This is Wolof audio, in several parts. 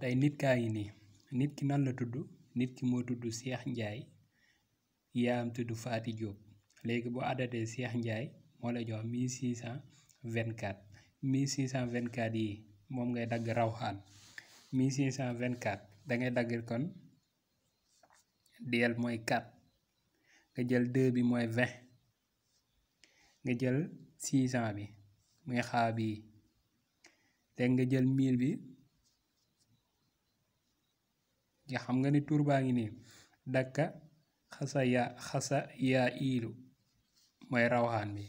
tey nit kaa ngi nii nit ki nan la tudd nit ki moo tudd Cheikh Ndiaye yaayam tudd Faty jóob léegi boo adatee Cheikh Ndiaye moo lay jox 1624 1624 yi moom ngay dagg rawxaan 1624 da ngay dagg kon deel mooy 4 nga jël 2 bi mooy 20 nga jël 600 bi muy xaa bii léegi nga jël 1000 bi. nga xam nga ni tuur baa ngi nii dakka xasa ya xasa yaa iilu mooy rawaxaan bi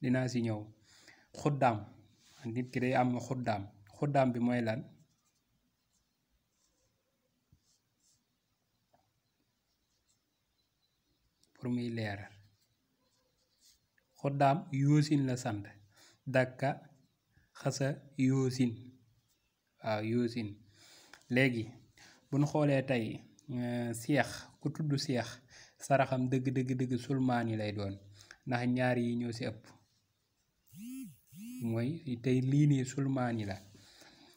dinaa si ñëw xuddaam nit ki day am xuddaam xuddaam bi mooy lan pour muy leeral xoddaam yoosin la sant dakka xasa yoosin waaw yoosin léegi bu ñu xoolee tey seex euh, ku tudd seex saraxam dëgg dëgg dëgg sulmaan lay doon ndax ñaar yi ñoo ci ëpp mooy tey lii nii sulmaan la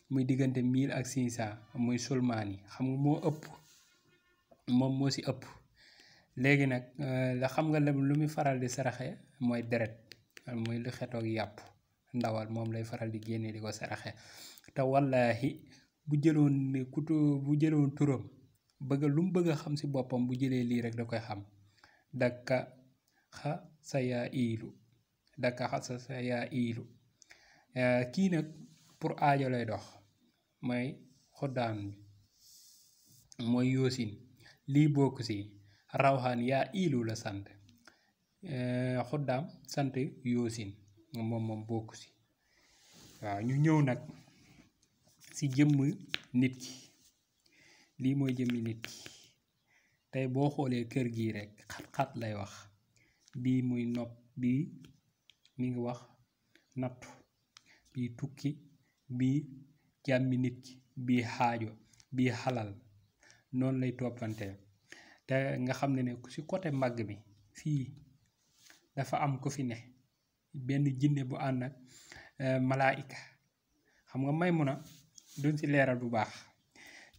muy diggante mille ak cinq cent muy sulmaan yi xam nga moo ëpp moom moo ci ëpp léegi nag euh, la xam nga lu muy faral di saraxe mooy deret muy lu xetoog yàpp ndawal moom lay faral di génne di ko saraxe te wallaahi bu jëloon ku bu jëloon turam bëgg lu mu bëgg xam si boppam bu jëlee lii rek da koy xam dakka xa sa yaa iilu dakka xa sa yaa iilu eh, kii nag pour aajo lay dox may xoddaan bi mooy yoosin lii bokk si rawxaan yaa iilu la sant eh, xoddaam sant yoosin moom moom bokk si waaw ñu ñëw nag si jëmm nit ki lii mooy jëmmi nit ki tey boo xoolee kër gii rekk xat-xat lay wax bii muy nopp bii mi ngi wax nattu bii tukki bii jàmmi nit ki bii xaajo bii xalal noonu lay toppante te nga xam ne ne ci côté mbagg mi fii dafa am ko fi ne benn jinne bu ànd ak eh, malaayika xam nga may mun a duñ si leeral bu baax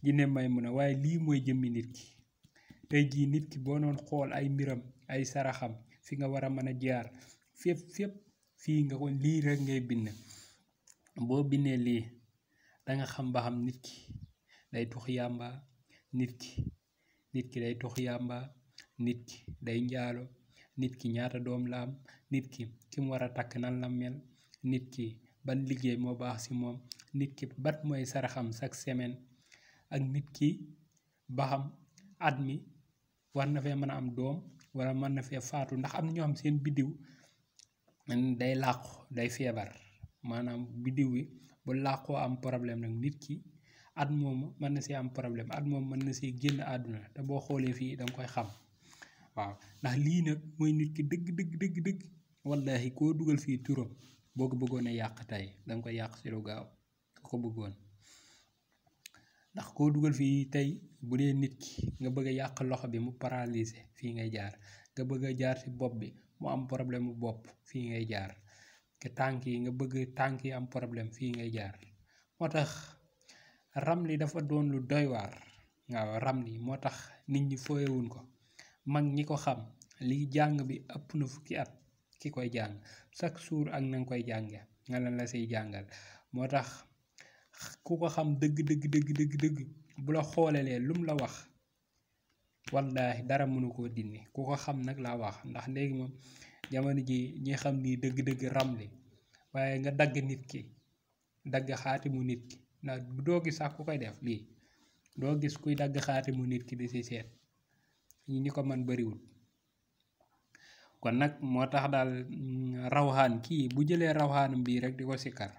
jinne may mun a waaye lii mooy jëmmi nit ki tey jii nit ki boo noon xool ay mbiram ay saraxam fi nga war a mën a jaar fépp fii nga ko lii rek ngay bind boo bindee lii danga xam ba xam nit ki day tux yàmba nit ki nit ki day tux nit ki day njaalo nit ki ñaata doom la nit ki ki mu war a takk nan la mel nit ki ban liggéey moo baax ci moom nit ki bat mooy saraxam chaque semaine ak nit ki ba xam at mi war na fee mën a am doom wala mën na fee faatu ndax am na ñoo xam seen biddiw day làqu day feebar maanaam biddiw wi bu làqoo am problème nag nit ki at moom mën na see am problème at moom mën na see génn àdduna te boo xoolee fii danga koy xam waaw ndax lii nag mooy nit ki dëgg dëgg dëgg dëgg wallahi koo dugal fii turam boo ko bëggoon a yàq tey danga koy yàq si lu gaaw ko bëggoon ndax koo dugal fii tey bu dee nit ki nga bëgg yàq loxo bi mu paralysé fii ngay jaar nga bëgg jaar ci bopp bi mu am problème mu bopp fii ngay jaar te tànk yi nga bëgg tànk yi am problème fii ngay jaar moo tax ram li dafa doon lu doy waar ram ramli moo tax nit ñi fooyewuñ ko mag ñi ko xam li jàng bi ëpp na fukki at ki koy jàng chaque jour ak na nga koy jànge nga lan la siy jàngal moo tax ku ko xam dëgg dëgg dëgg dëgg bu la xoolelee lum la wax wallaahi dara mënu koo dindi ku ko xam nag laa wax ndax léegi moom jamono ji ñi xam nii dëgg dëgg ram li waaye nga dagg nit ki dagg xaati mu nit ki doo gis sax def lii doo gis kuy dagg mu nit ki di si seet ñi ko man bariwul kon nag moo tax daal mm, rawxaan kii bu jëlee rawxaanam bii rek di ko sikkar